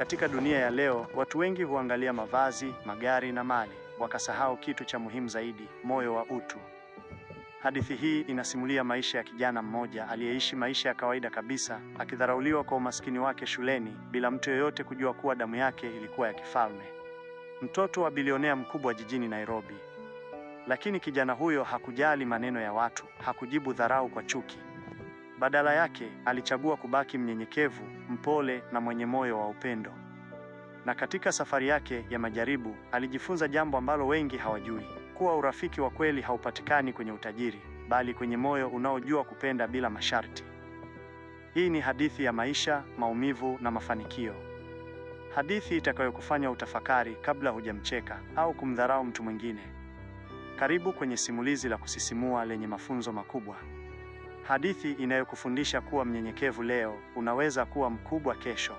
Katika dunia ya leo, watu wengi huangalia mavazi, magari na mali, wakasahau kitu cha muhimu zaidi, moyo wa utu. Hadithi hii inasimulia maisha ya kijana mmoja aliyeishi maisha ya kawaida kabisa, akidharauliwa kwa umaskini wake shuleni, bila mtu yoyote kujua kuwa damu yake ilikuwa ya kifalme. Mtoto wa bilionea mkubwa jijini Nairobi. Lakini kijana huyo hakujali maneno ya watu, hakujibu dharau kwa chuki. Badala yake alichagua kubaki mnyenyekevu, mpole na mwenye moyo wa upendo. Na katika safari yake ya majaribu alijifunza jambo ambalo wengi hawajui, kuwa urafiki wa kweli haupatikani kwenye utajiri, bali kwenye moyo unaojua kupenda bila masharti. Hii ni hadithi ya maisha, maumivu na mafanikio, hadithi itakayokufanya utafakari kabla hujamcheka au kumdharau mtu mwingine. Karibu kwenye simulizi la kusisimua lenye mafunzo makubwa. Hadithi inayokufundisha kuwa mnyenyekevu leo, unaweza kuwa mkubwa kesho.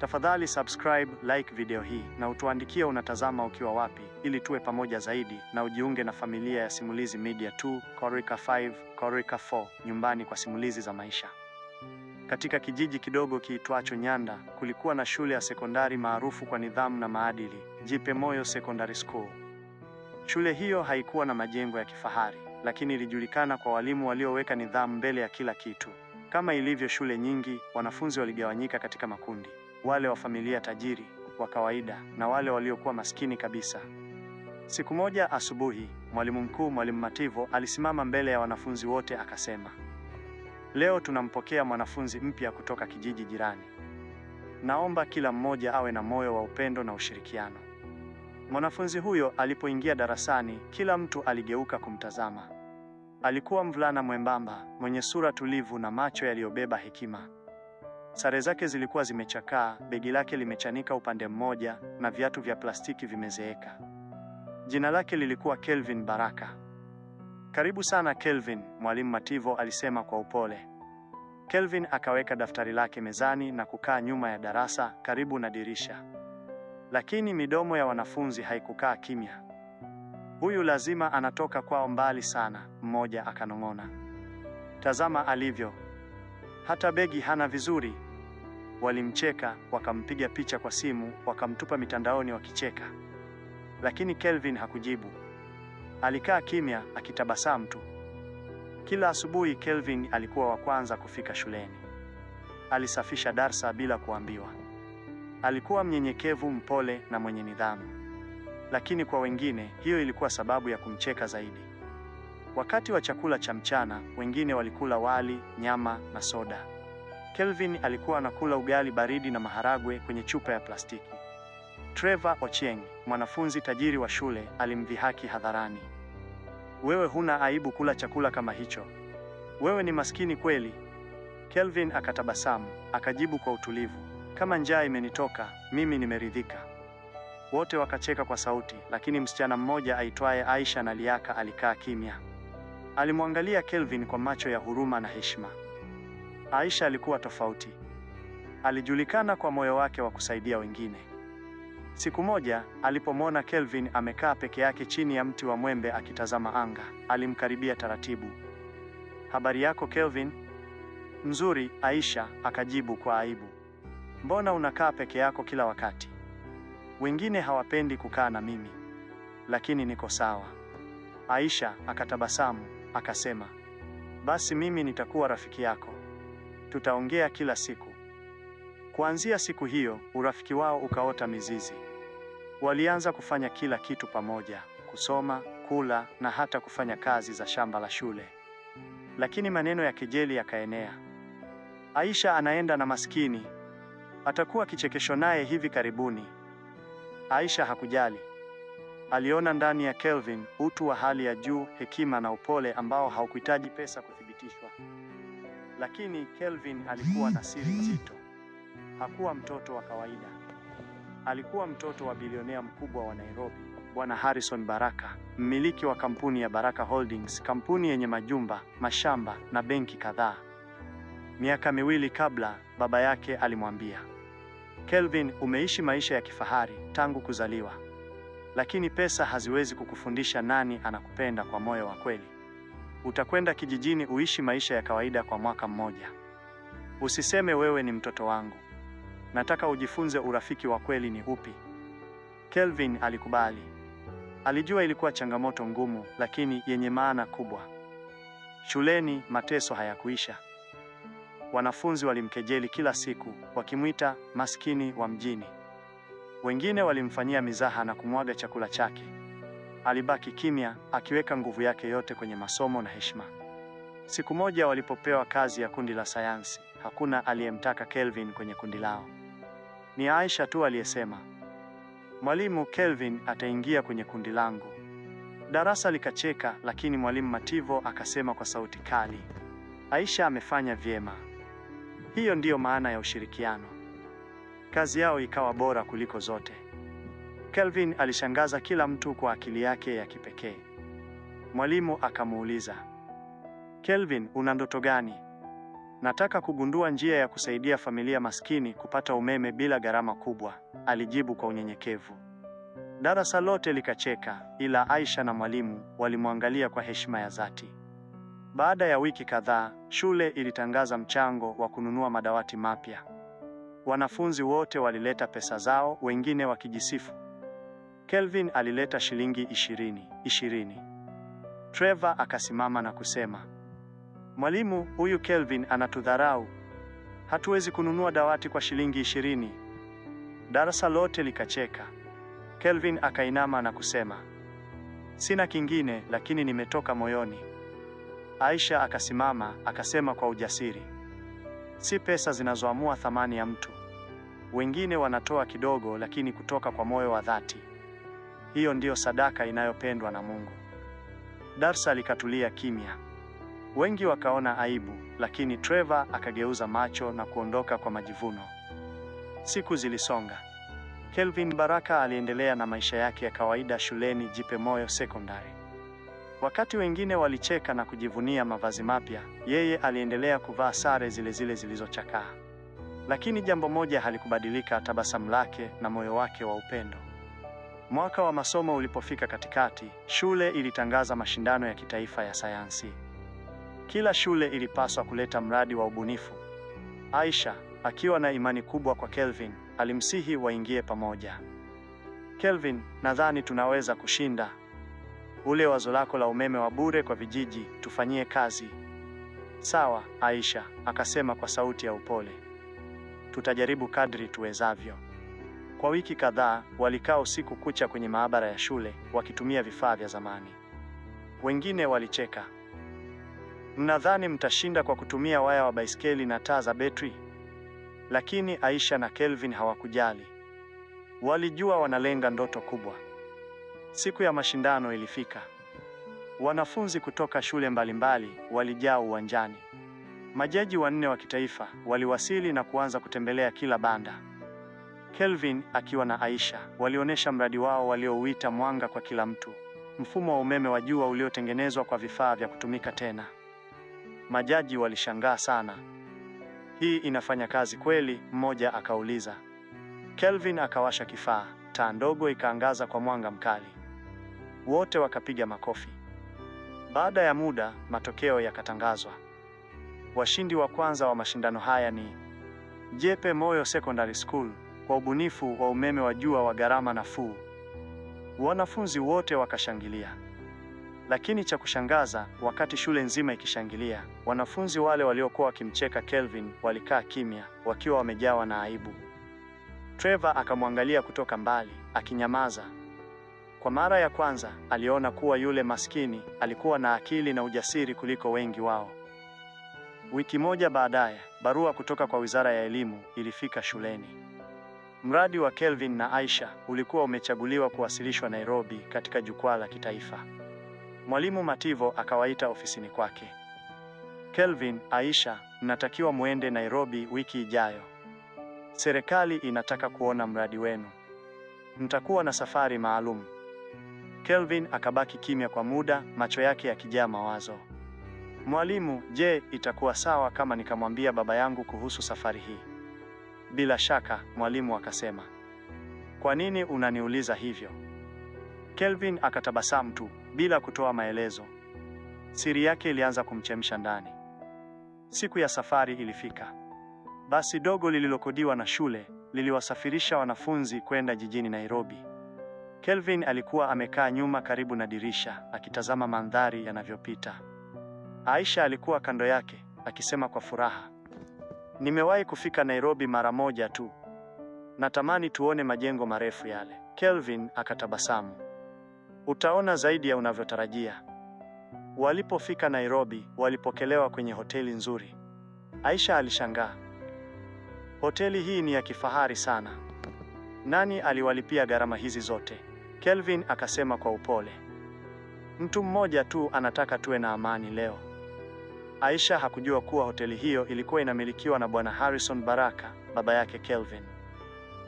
Tafadhali subscribe, like video hii na utuandikie unatazama ukiwa wapi, ili tuwe pamoja zaidi na ujiunge na familia ya Simulizi Media 2, Korika 5, Korika 4, nyumbani kwa simulizi za maisha. Katika kijiji kidogo kiitwacho Nyanda kulikuwa na shule ya sekondari maarufu kwa nidhamu na maadili, Jipe Moyo Secondary School. Shule hiyo haikuwa na majengo ya kifahari lakini ilijulikana kwa walimu walioweka nidhamu mbele ya kila kitu. Kama ilivyo shule nyingi, wanafunzi waligawanyika katika makundi, wale wa familia tajiri, wa kawaida na wale waliokuwa maskini kabisa. Siku moja asubuhi, mwalimu mkuu Mwalimu Mativo alisimama mbele ya wanafunzi wote akasema, leo tunampokea mwanafunzi mpya kutoka kijiji jirani. Naomba kila mmoja awe na moyo wa upendo na ushirikiano. Mwanafunzi huyo alipoingia darasani, kila mtu aligeuka kumtazama. Alikuwa mvulana mwembamba, mwenye sura tulivu na macho yaliyobeba hekima. Sare zake zilikuwa zimechakaa, begi lake limechanika upande mmoja na viatu vya plastiki vimezeeka. Jina lake lilikuwa Kelvin Baraka. Karibu sana Kelvin, Mwalimu Mativo alisema kwa upole. Kelvin akaweka daftari lake mezani na kukaa nyuma ya darasa karibu na dirisha. Lakini midomo ya wanafunzi haikukaa kimya. Huyu lazima anatoka kwao mbali sana, mmoja akanong'ona. Tazama alivyo, hata begi hana vizuri. Walimcheka, wakampiga picha kwa simu, wakamtupa mitandaoni wakicheka. Lakini Kelvin hakujibu. Alikaa kimya akitabasamu tu. Kila asubuhi Kelvin alikuwa wa kwanza kufika shuleni. Alisafisha darsa bila kuambiwa. Alikuwa mnyenyekevu, mpole na mwenye nidhamu, lakini kwa wengine hiyo ilikuwa sababu ya kumcheka zaidi. Wakati wa chakula cha mchana, wengine walikula wali, nyama na soda. Kelvin alikuwa anakula ugali baridi na maharagwe kwenye chupa ya plastiki. Trevor Ochieng, mwanafunzi tajiri wa shule, alimdhihaki hadharani. Wewe huna aibu kula chakula kama hicho? Wewe ni maskini kweli. Kelvin akatabasamu, akajibu kwa utulivu kama njaa imenitoka mimi, nimeridhika. Wote wakacheka kwa sauti, lakini msichana mmoja aitwaye Aisha na liaka alikaa kimya. Alimwangalia Kelvin kwa macho ya huruma na heshima. Aisha alikuwa tofauti. Alijulikana kwa moyo wake wa kusaidia wengine. Siku moja alipomwona Kelvin amekaa peke yake chini ya mti wa mwembe akitazama anga, alimkaribia taratibu. Habari yako Kelvin? mzuri Aisha akajibu kwa aibu. Mbona unakaa peke yako kila wakati? Wengine hawapendi kukaa na mimi, lakini niko sawa. Aisha akatabasamu akasema, basi mimi nitakuwa rafiki yako, tutaongea kila siku. Kuanzia siku hiyo urafiki wao ukaota mizizi. Walianza kufanya kila kitu pamoja, kusoma, kula na hata kufanya kazi za shamba la shule. Lakini maneno ya kejeli yakaenea. Aisha anaenda na maskini atakuwa kichekesho naye hivi karibuni. Aisha hakujali. Aliona ndani ya Kelvin utu wa hali ya juu, hekima na upole ambao haukuhitaji pesa kuthibitishwa. Lakini Kelvin alikuwa na siri nzito. Hakuwa mtoto wa kawaida. Alikuwa mtoto wa bilionea mkubwa wa Nairobi, Bwana Harrison Baraka, mmiliki wa kampuni ya Baraka Holdings, kampuni yenye majumba, mashamba na benki kadhaa. Miaka miwili kabla, baba yake alimwambia Kelvin, umeishi maisha ya kifahari tangu kuzaliwa, lakini pesa haziwezi kukufundisha nani anakupenda kwa moyo wa kweli. Utakwenda kijijini uishi maisha ya kawaida kwa mwaka mmoja. Usiseme wewe ni mtoto wangu, nataka ujifunze urafiki wa kweli ni upi. Kelvin alikubali. Alijua ilikuwa changamoto ngumu, lakini yenye maana kubwa. Shuleni mateso hayakuisha. Wanafunzi walimkejeli kila siku, wakimwita maskini wa mjini. Wengine walimfanyia mizaha na kumwaga chakula chake. Alibaki kimya, akiweka nguvu yake yote kwenye masomo na heshima. Siku moja walipopewa kazi ya kundi la sayansi, hakuna aliyemtaka Kelvin kwenye kundi lao. Ni Aisha tu aliyesema, "Mwalimu, Kelvin ataingia kwenye kundi langu." Darasa likacheka, lakini mwalimu Mativo akasema kwa sauti kali, Aisha amefanya vyema. Hiyo ndiyo maana ya ushirikiano. Kazi yao ikawa bora kuliko zote. Kelvin alishangaza kila mtu kwa akili yake ya kipekee. Mwalimu akamuuliza, Kelvin, una ndoto gani? Nataka kugundua njia ya kusaidia familia maskini kupata umeme bila gharama kubwa, alijibu kwa unyenyekevu. Darasa lote likacheka, ila Aisha na mwalimu walimwangalia kwa heshima ya dhati. Baada ya wiki kadhaa, shule ilitangaza mchango wa kununua madawati mapya. Wanafunzi wote walileta pesa zao, wengine wakijisifu. Kelvin alileta shilingi ishirini ishirini. Trevor akasimama na kusema, Mwalimu, huyu Kelvin anatudharau. Hatuwezi kununua dawati kwa shilingi ishirini. Darasa lote likacheka. Kelvin akainama na kusema, Sina kingine lakini nimetoka moyoni. Aisha akasimama akasema kwa ujasiri, si pesa zinazoamua thamani ya mtu. Wengine wanatoa kidogo, lakini kutoka kwa moyo wa dhati. Hiyo ndiyo sadaka inayopendwa na Mungu. Darsa likatulia kimya. Wengi wakaona aibu, lakini Trevor akageuza macho na kuondoka kwa majivuno. Siku zilisonga. Kelvin Baraka aliendelea na maisha yake ya kawaida shuleni Jipe Moyo Sekondari. Wakati wengine walicheka na kujivunia mavazi mapya, yeye aliendelea kuvaa sare zile zile zilizochakaa. Lakini jambo moja halikubadilika, tabasamu lake na moyo wake wa upendo. Mwaka wa masomo ulipofika katikati, shule ilitangaza mashindano ya kitaifa ya sayansi. Kila shule ilipaswa kuleta mradi wa ubunifu. Aisha, akiwa na imani kubwa kwa Kelvin, alimsihi waingie pamoja. Kelvin, nadhani tunaweza kushinda, ule wazo lako la umeme wa bure kwa vijiji, tufanyie kazi. Sawa, Aisha akasema kwa sauti ya upole. Tutajaribu kadri tuwezavyo. Kwa wiki kadhaa walikaa usiku kucha kwenye maabara ya shule wakitumia vifaa vya zamani. Wengine walicheka. Mnadhani mtashinda kwa kutumia waya wa baiskeli na taa za betri? Lakini Aisha na Kelvin hawakujali. Walijua wanalenga ndoto kubwa. Siku ya mashindano ilifika. Wanafunzi kutoka shule mbalimbali walijaa uwanjani. Majaji wanne wa kitaifa waliwasili na kuanza kutembelea kila banda. Kelvin akiwa na Aisha walionyesha mradi wao waliouita Mwanga kwa Kila Mtu, mfumo wa umeme wa jua uliotengenezwa kwa vifaa vya kutumika tena. Majaji walishangaa sana. Hii inafanya kazi kweli? Mmoja akauliza. Kelvin akawasha kifaa, taa ndogo ikaangaza kwa mwanga mkali. Wote wakapiga makofi. Baada ya muda, matokeo yakatangazwa. Washindi wa kwanza wa mashindano haya ni Jepe Moyo Secondary School kwa ubunifu wa umeme wa jua wa gharama nafuu. Wanafunzi wote wakashangilia. Lakini cha kushangaza, wakati shule nzima ikishangilia, wanafunzi wale waliokuwa wakimcheka Kelvin walikaa kimya, wakiwa wamejawa na aibu. Trevor akamwangalia kutoka mbali, akinyamaza. Kwa mara ya kwanza aliona kuwa yule maskini alikuwa na akili na ujasiri kuliko wengi wao. Wiki moja baadaye, barua kutoka kwa Wizara ya Elimu ilifika shuleni. Mradi wa Kelvin na Aisha ulikuwa umechaguliwa kuwasilishwa Nairobi katika jukwaa la kitaifa. Mwalimu Mativo akawaita ofisini kwake. Kelvin, Aisha, mnatakiwa muende Nairobi wiki ijayo. Serikali inataka kuona mradi wenu. Mtakuwa na safari maalum. Kelvin akabaki kimya kwa muda, macho yake yakijaa mawazo. Mwalimu, je, itakuwa sawa kama nikamwambia baba yangu kuhusu safari hii? Bila shaka, mwalimu akasema. Kwa nini unaniuliza hivyo? Kelvin akatabasamu tu bila kutoa maelezo. Siri yake ilianza kumchemsha ndani. Siku ya safari ilifika. Basi dogo lililokodiwa na shule liliwasafirisha wanafunzi kwenda jijini Nairobi. Kelvin alikuwa amekaa nyuma karibu na dirisha akitazama mandhari yanavyopita. Aisha alikuwa kando yake akisema kwa furaha, nimewahi kufika Nairobi mara moja tu, natamani tuone majengo marefu yale. Kelvin akatabasamu, utaona zaidi ya unavyotarajia. Walipofika Nairobi, walipokelewa kwenye hoteli nzuri. Aisha alishangaa, hoteli hii ni ya kifahari sana. Nani aliwalipia gharama hizi zote? Kelvin akasema kwa upole. Mtu mmoja tu anataka tuwe na amani leo. Aisha hakujua kuwa hoteli hiyo ilikuwa inamilikiwa na Bwana Harrison Baraka, baba yake Kelvin.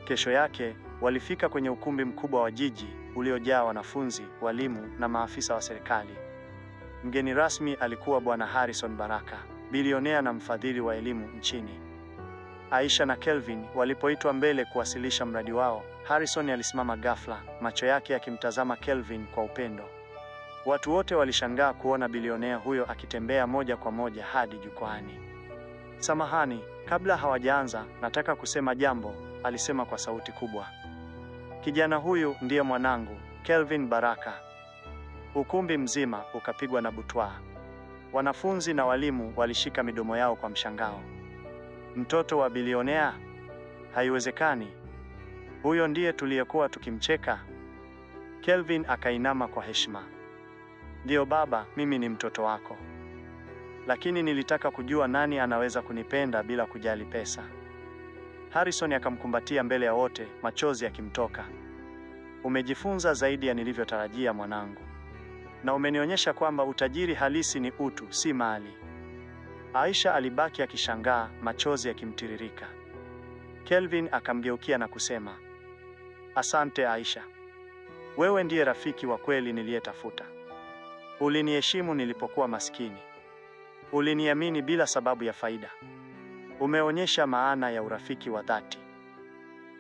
Kesho yake walifika kwenye ukumbi mkubwa wa jiji uliojaa wanafunzi, walimu na maafisa wa serikali. Mgeni rasmi alikuwa Bwana Harrison Baraka, bilionea na mfadhili wa elimu nchini. Aisha na Kelvin walipoitwa mbele kuwasilisha mradi wao, Harrison alisimama ghafla, macho yake yakimtazama Kelvin kwa upendo. Watu wote walishangaa kuona bilionea huyo akitembea moja kwa moja hadi jukwaani. Samahani, kabla hawajaanza, nataka kusema jambo, alisema kwa sauti kubwa. Kijana huyu ndiye mwanangu, Kelvin Baraka. Ukumbi mzima ukapigwa na butwaa. Wanafunzi na walimu walishika midomo yao kwa mshangao mtoto wa bilionea? Haiwezekani, huyo ndiye tuliyekuwa tukimcheka. Kelvin akainama kwa heshima. Ndiyo baba, mimi ni mtoto wako, lakini nilitaka kujua nani anaweza kunipenda bila kujali pesa. Harrison akamkumbatia mbele ya wote, machozi yakimtoka. Umejifunza zaidi ya nilivyotarajia mwanangu, na umenionyesha kwamba utajiri halisi ni utu, si mali. Aisha alibaki akishangaa, machozi yakimtiririka. Kelvin akamgeukia na kusema, asante Aisha, wewe ndiye rafiki wa kweli niliyetafuta. Uliniheshimu nilipokuwa maskini, uliniamini bila sababu ya faida, umeonyesha maana ya urafiki wa dhati.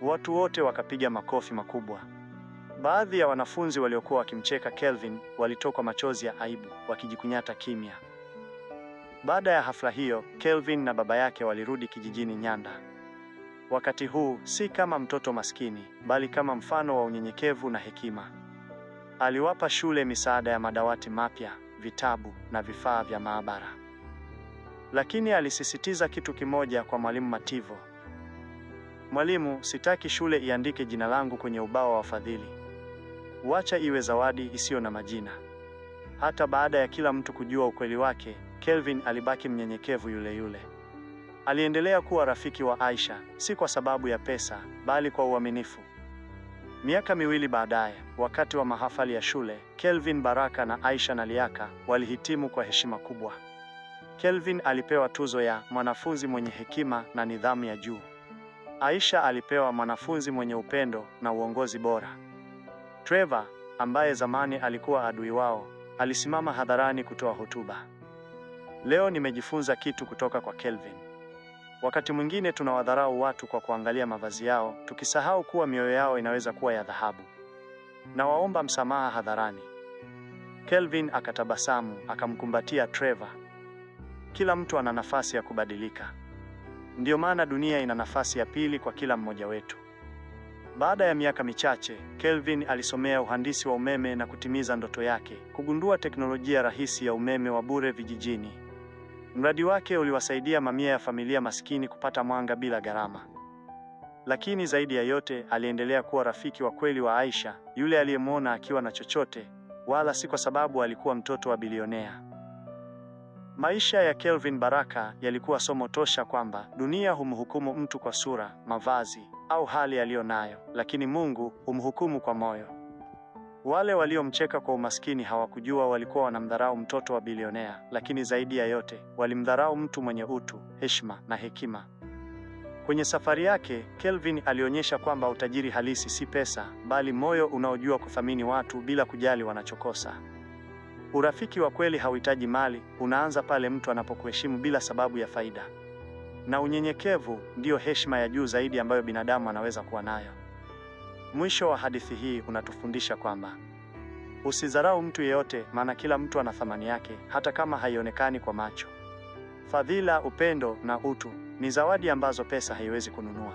Watu wote wakapiga makofi makubwa. Baadhi ya wanafunzi waliokuwa wakimcheka Kelvin walitokwa machozi ya aibu, wakijikunyata kimya. Baada ya hafla hiyo, Kelvin na baba yake walirudi kijijini Nyanda. Wakati huu si kama mtoto maskini, bali kama mfano wa unyenyekevu na hekima. Aliwapa shule misaada ya madawati mapya, vitabu na vifaa vya maabara. Lakini alisisitiza kitu kimoja kwa Mwalimu Mativo. Mwalimu, sitaki shule iandike jina langu kwenye ubao wa wafadhili. Wacha iwe zawadi isiyo na majina. Hata baada ya kila mtu kujua ukweli wake, Kelvin alibaki mnyenyekevu yule yule. Aliendelea kuwa rafiki wa Aisha, si kwa sababu ya pesa, bali kwa uaminifu. Miaka miwili baadaye, wakati wa mahafali ya shule, Kelvin Baraka na Aisha Naliaka walihitimu kwa heshima kubwa. Kelvin alipewa tuzo ya mwanafunzi mwenye hekima na nidhamu ya juu. Aisha alipewa mwanafunzi mwenye upendo na uongozi bora. Trevor, ambaye zamani alikuwa adui wao, alisimama hadharani kutoa hotuba. Leo nimejifunza kitu kutoka kwa Kelvin. Wakati mwingine tunawadharau watu kwa kuangalia mavazi yao, tukisahau kuwa mioyo yao inaweza kuwa ya dhahabu. Nawaomba msamaha hadharani. Kelvin akatabasamu, akamkumbatia Trevor. Kila mtu ana nafasi ya kubadilika. Ndiyo maana dunia ina nafasi ya pili kwa kila mmoja wetu. Baada ya miaka michache, Kelvin alisomea uhandisi wa umeme na kutimiza ndoto yake, kugundua teknolojia rahisi ya umeme wa bure vijijini. Mradi wake uliwasaidia mamia ya familia maskini kupata mwanga bila gharama. Lakini zaidi ya yote, aliendelea kuwa rafiki wa kweli wa Aisha, yule aliyemwona akiwa na chochote, wala si kwa sababu alikuwa mtoto wa bilionea. Maisha ya Kelvin Baraka yalikuwa somo tosha kwamba dunia humhukumu mtu kwa sura, mavazi au hali aliyonayo, lakini Mungu humhukumu kwa moyo. Wale waliomcheka kwa umaskini hawakujua walikuwa wanamdharau mtoto wa bilionea, lakini zaidi ya yote walimdharau mtu mwenye utu, heshima na hekima. Kwenye safari yake, Kelvin alionyesha kwamba utajiri halisi si pesa, bali moyo unaojua kuthamini watu bila kujali wanachokosa. Urafiki wa kweli hauhitaji mali, unaanza pale mtu anapokuheshimu bila sababu ya faida. Na unyenyekevu ndiyo heshima ya juu zaidi ambayo binadamu anaweza kuwa nayo. Mwisho wa hadithi hii unatufundisha kwamba usidharau mtu yeyote, maana kila mtu ana thamani yake, hata kama haionekani kwa macho. Fadhila, upendo na utu ni zawadi ambazo pesa haiwezi kununua,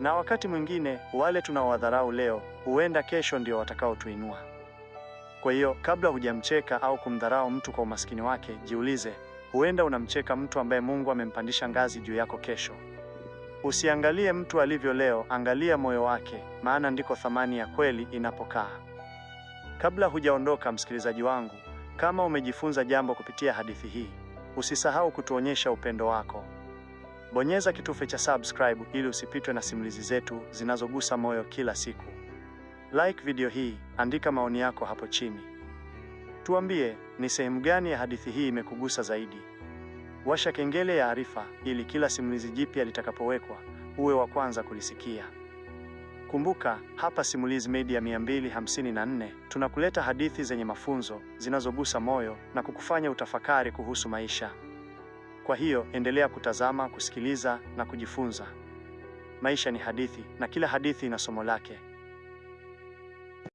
na wakati mwingine wale tunaowadharau leo huenda kesho ndio watakaotuinua. Kwa hiyo, kabla hujamcheka au kumdharau mtu kwa umaskini wake, jiulize, huenda unamcheka mtu ambaye Mungu amempandisha ngazi juu yako kesho. Usiangalie mtu alivyo leo, angalia moyo wake, maana ndiko thamani ya kweli inapokaa. Kabla hujaondoka, msikilizaji wangu, kama umejifunza jambo kupitia hadithi hii, usisahau kutuonyesha upendo wako. Bonyeza kitufe cha subscribe ili usipitwe na simulizi zetu zinazogusa moyo kila siku. Like video hii, andika maoni yako hapo chini. Tuambie ni sehemu gani ya hadithi hii imekugusa zaidi. Washa kengele ya arifa ili kila simulizi jipya litakapowekwa uwe wa kwanza kulisikia. Kumbuka, hapa Simulizi Media 254 tunakuleta hadithi zenye mafunzo, zinazogusa moyo na kukufanya utafakari kuhusu maisha. Kwa hiyo, endelea kutazama, kusikiliza na kujifunza. Maisha ni hadithi na kila hadithi ina somo lake.